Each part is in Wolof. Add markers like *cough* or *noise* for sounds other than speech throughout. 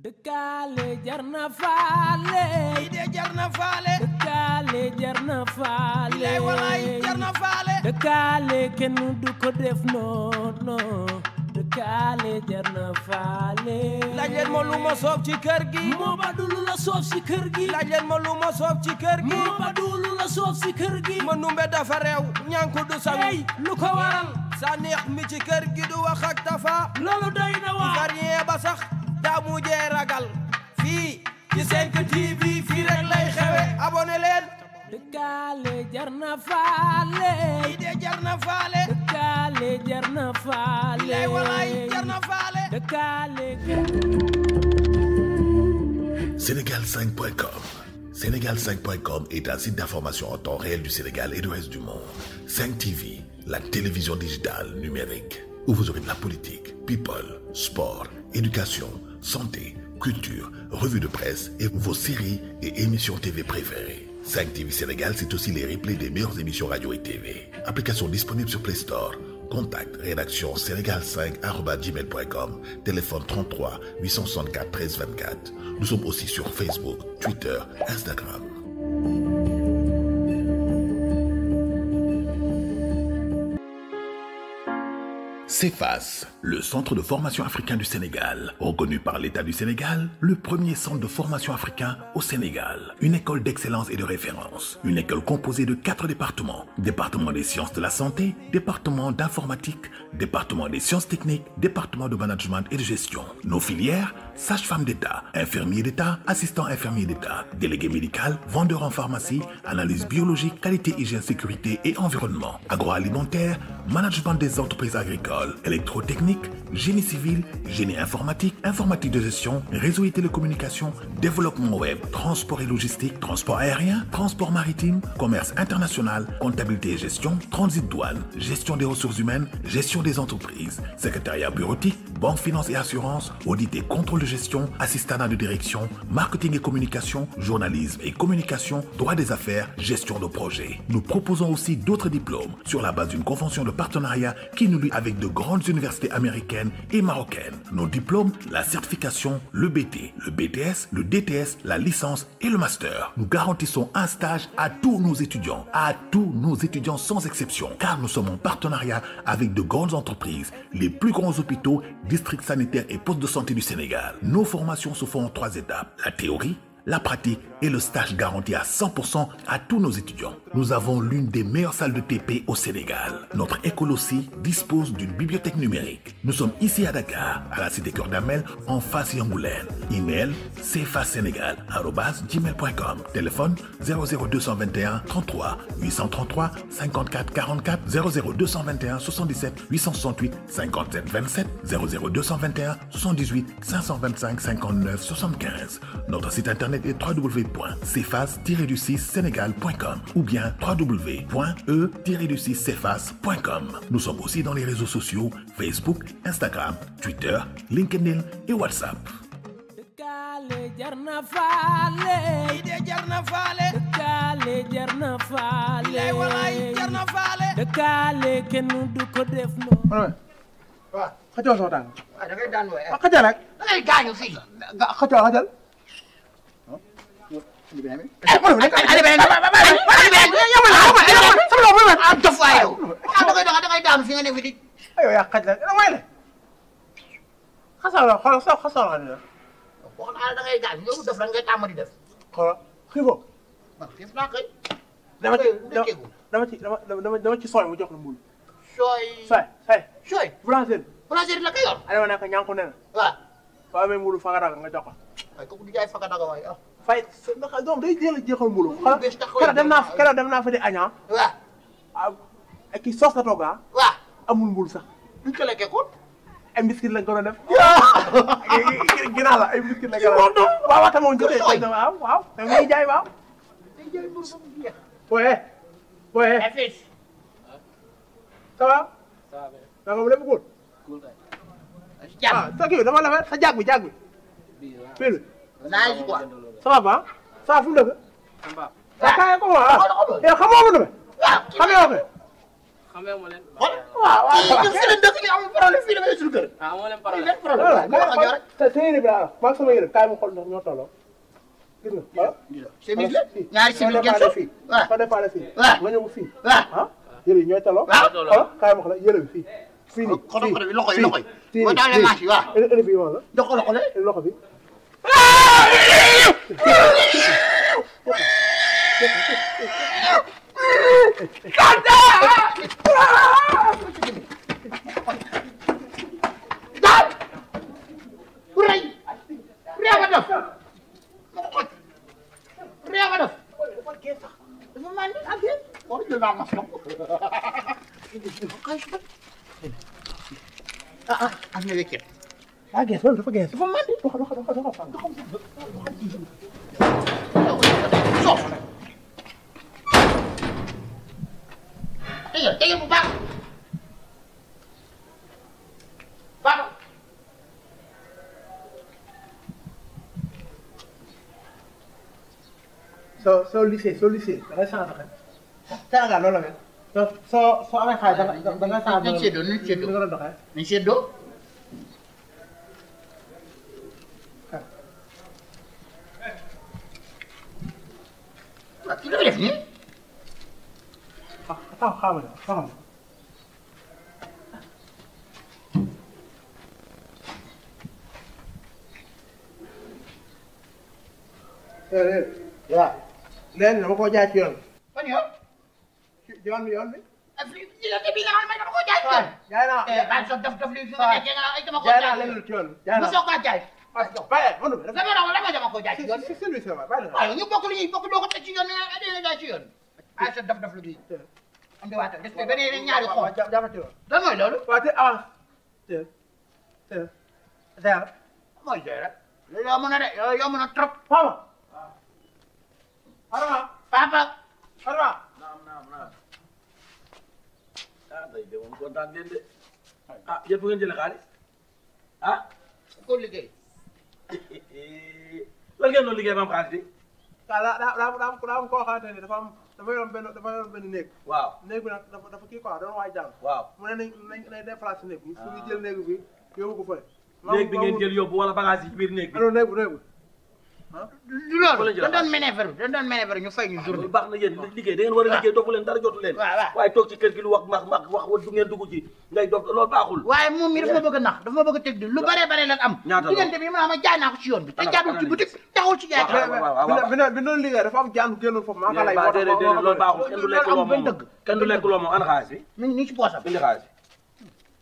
dëkkaale jar na faale. lii de jar na faale. dëkkaale jar na faale. kenn du ko def non non. ma lu ma soob ci kër gi. moo ba du lu la soob ci kër gi. laaj ma lu ma soob ci kër gi. moo ba du lu la soob ci kër gi. ma numbe dafa réew. ñànku du sang. hey lu ko waral. sa neex mi ci kër gi du wax ak tafa. loolu doy na waa. varié ba sax. ragal 5 TV rek lay abonné Sénégal5.com Sénégal5.com est un site d'information en temps réel du Sénégal et du reste du monde. 5 TV, la télévision digitale numérique, où vous aurez de la politique, people, sport, éducation santé, culture, revue de presse et vos séries et émissions TV préférées. 5 TV Sénégal, c'est aussi les replays des meilleures émissions radio et TV. Application disponible sur Play Store. Contact rédaction sénégal @gmail.com. Téléphone 33 864 13 24. Nous sommes aussi sur Facebook, Twitter, Instagram. CEFAS, le centre de formation africain du Sénégal, reconnu par l'État du Sénégal, le premier centre de formation africain au Sénégal, une école d'excellence et de référence, une école composée de quatre départements, département des sciences de la santé, département d'informatique, département des sciences techniques, département de management et de gestion. Nos filières, sage-femme d'État, infirmier d'État, assistant infirmier d'État, délégué médical, vendeur en pharmacie, analyse biologique, qualité, hygiène, sécurité et environnement, agroalimentaire, management des entreprises agricoles, électrotechnique, génie civil, génie informatique, informatique de gestion, réseau et télécommunications, développement web, transport et logistique, transport aérien, transport maritime, commerce international, comptabilité et gestion, transit douane, gestion des ressources humaines, gestion des entreprises, secrétariat bureautique, banque, finance et assurance, audit et contrôle de gestion, assistanat de direction, marketing et communication, journalisme et communication, droit des affaires, gestion de projet. Nous proposons aussi d'autres diplômes sur la base d'une convention de partenariat qui nous lie avec de grandes universités américaines et marocaines. Nos diplômes, la certification, le BT, le BTS, le DTS, la licence et le master. Nous garantissons un stage à tous nos étudiants, à tous nos étudiants sans exception, car nous sommes en partenariat avec de grandes entreprises, les plus grands hôpitaux, District sanitaire et poste de santé du Sénégal. Nos formations se font en trois étapes. La théorie, la pratique et le stage garantis à 100% à tous nos étudiants. Nous avons l'une des meilleures salles de TP au Sénégal. Notre école aussi dispose d'une bibliothèque numérique. Nous sommes ici à Dakar, à la cité Cœur d'Amel, en face Yangoulène. Email gmail.com Téléphone 00221 33 833 54 44 00221 77 868 57 27 00221 78 525 59 75. Notre site internet et wwwcefas du sénégalcom ou bien wwwe du Nous sommes aussi dans les réseaux sociaux Facebook, Instagram, Twitter, LinkedIn et WhatsApp. Ali beneen Ali beneen Ali beneen yow ma la sama loxo ma am dof waay yow ah da ngay dox da ngay daanu fi nga ne fi di aywa yaa xaj la waay la xasal la xool sa xasal la ni la waxoon naa la da ngay daal yow dof la ngay tàmm di def xool xibo man xiif naa kay dama ci dama ci dama dama ci sooy mu jox la mbul sooy sooy sooy sooy boulangerie boulangerie la kay yor ana ma ne ko ñànku ne la waaw waaw mais mbulu fanga daga nga jox ko waaye kooku du jaay fanga daga waaye ah fay doom day jéem a jeexal mbooloo. keroog dem naa keroog dem naa fa di añaa. waaw. Ah, soos la togg ah. waaw mbul sax. duñ ko lekkee kon. ay biscuit lañ ko def. ginnaaw *laughs* la ay biscuit lañ ko waaw waaw waaw waaw. waaw. booyee. booyee. ça va. Ah, la fa sa jaag bi jaag bi. pile. ça va saa fu mu dëkk. saa kaay ko ma ah. yow xamoo ma demee. xamee woo ko. xamee wu ma leen. waaw waaw kii ñun si leen dëkk bi amul problème fii damay suñu kër. ah amoo leen problème lii leen problème la. nga wax ak yow rek te te yére bi laa wax sama yére kaay ma xool ndax ñoo tolloo. gis nga chemise la ñaari chemise gerte waaw soo départ fii nga ñëw fii. ah yére yi ñooy tolloo. waaw xool kaay ma xool yére bi fii. fii nii fii loxo yi loxo yi. fii nii fii loxo bi. Ah, ah, ah, me de quién. daa gees loolu dafa gees dafa mandi doxal doxal doxal doxal doxal doxal tegal tegal bu baax baax soo soo lisee soo lisee da ngay changé xel Sénégal loolu la mel soo soo soo amee xaalis da nga da nga changé doon nañ séddoo nañ séddoo Tamam kabul et. Tamam. Evet. Waaw. lenn dama koo jaay ci yoon. ban yoon. ci yoon bi yoon bi. diggante bi nga xam ne dama koo jaay ci jaay naa jaay naa daf daf li nga nekkee nga jaay. jaay naa lenn ci yoon. jaay naa mosoo koo jaay. bàyyi mënu ma dama dama dama dama koo jaay ci yoon. si si si si la. waaw ñu bokk lu ñuy bokk doo ko teg ci ne la jaay ci yoon. ay sa daf daf lu am na waatal des na beneen ñaari xool waaw waaw jàppati woon. lan mooy loolu. waaw te avance. te te zéro. mooy zéro. loolu yomb na de loolu papa. Arma. papa. Arma. naam naam naam. ah day de moom kontaan ngeen de. ah yëpp liggéey. lan liggéey ba am xaalis bi. ah daa daa daa am koo xamante ne dafa dafa yo benn dafa yoroon benn néeg. waaw néeg bi nag dafa dafa kii quoi doon waay jàng. waaw mu ne nañ nañ nañ déplacé néeg bi. waaw ah. su ñu jël néeg bi yóbbu ko fële. néeg bi ngeen jël yóbbu wala bagage yi ci biir néeg bi. alors ah néeg bi néeg bi. du loolu dañ doon manœuvre dañ doon manœuvre ñu fay ñu journée baax na yéen liggéey da ngeen war a liggéey doogu leen ci kër gi lu wax max max wax du ngeen dugg ngay doog loolu baaxul waaye moom mi dafa ma bëgg a dafa bëgg a teg di lu bare bare lan am diggante bi ma jaay naa liggéey dafa am jaan génnoon foofu maa ngi lay loolu baaxul kenn du lekk loo moom kenn du mi ngi nii ci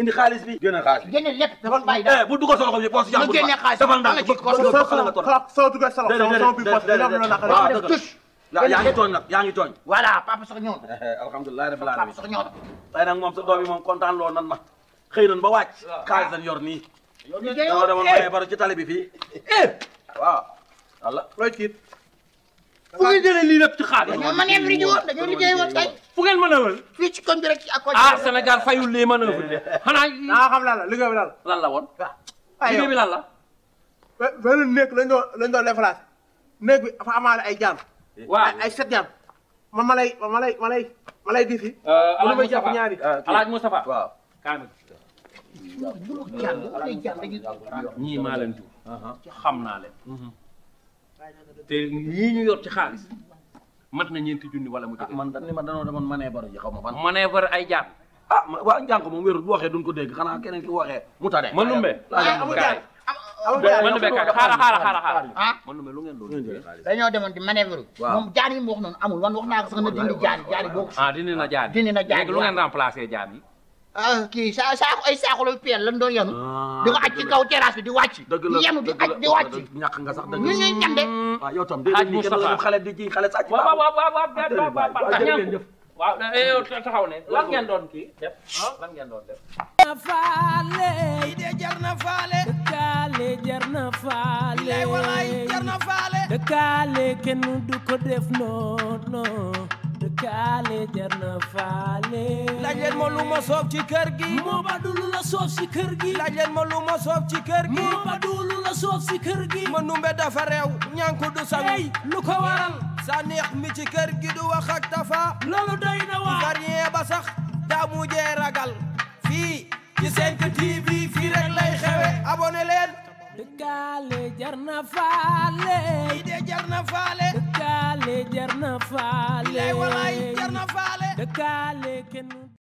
indi xaalis bi génne xaalis bi génne lépp dafa bàyyi dara eh, bu dugal solo ko bi poche jàmbur ba dafa ndànk soo dugal solo sama bi poche dina la naqal tous yaa ngi tooñ nag yaa ngi tooñ voilà papa sax ñëw na *laughs* alhamdulilah rabbil alamin papa sax ñëw na tey nag moom sa doom yi moom kontaan loo nan ma xëy nan ba wàcc xaalis dañ yor nii dama demoon maye baro ci tali bi fii eh. waaw walla looy kiit fu ngeen jëlee lii lépp ci xaalis. dañoo manœuvre ji woon dañoo liggéey woon tey. fu ngeen manœuvre. fii ci koñ bi rek ci ak. ah Sénégal fayul les manœuvres de xanaa. ah xam lan la liggéey bi lan la. lan la woon. Ah, ah, waaw liggéey bi lan la. ba benn néeg lañ doon lañ doon defaraat néeg bi dafa amaale ay jaam. waaw ay set jaam. man ma lay ma lay ma lay ma lay di fi. Alaaj Moustapha jàpp ñaari. Ah, Alaaj Moustapha waaw. kaamil. ñii maa leen tuur. xam naa leen. Mhm. te lii ñu yor ci xaalis mat na ñeenti junni wala mu jóge. Ah, man dañ ni ma danoo demoon manœuvre xaw ma fan. manœuvre ay jaan. ah waa njàng moom wérul bu waxee duñ ko dégg xanaa keneen ki waxee mu tane. man numbe ah, amul jaay ah, amul jaay man numbe kaay xaaral xaaral xaaral. ah man numbe lu ngeen doon jëlee xaalis. dañoo demoon di manœuvre. waaw moom jaan yi mu wax noonu amul wan naa ko sax na dindi jaan jaan na jaan yi dindi na jaan yi léegi lu Ah, kii sa saako ay saako la peel lan doon yenu ah, di ko aj ci kaw terrasse di wàcc di yenu di aj di wàcc ñàkk nga sax dëgg ñu mm. ah, di ji xale sàcc waaw waaw waaw waaw waaw jërëjëf waaw eh, yow ne lan ngeen doon kii def lan ngeen def na faale de jar na faale dëkkaale jar na faale walaay jar na faale dëkkaale def noonu kaale jar na faale laaj ma soof ci kër gi moo ba du la soof ci kër gi laaj leen ma ma soof ci kër gi moo ba du la soof ci kër gi ma dafa reew ñànku du sangu lu ko waral sa neex mi ci kër gi du wax ak tafa loolu doy na waa varié ba sax daa mujjee ragal fii ci 5 TV fii rek lay xewe abonné leen dëkkaale jar na faale idée jar na faale dëkkaale jar na faale dëkkaale kenn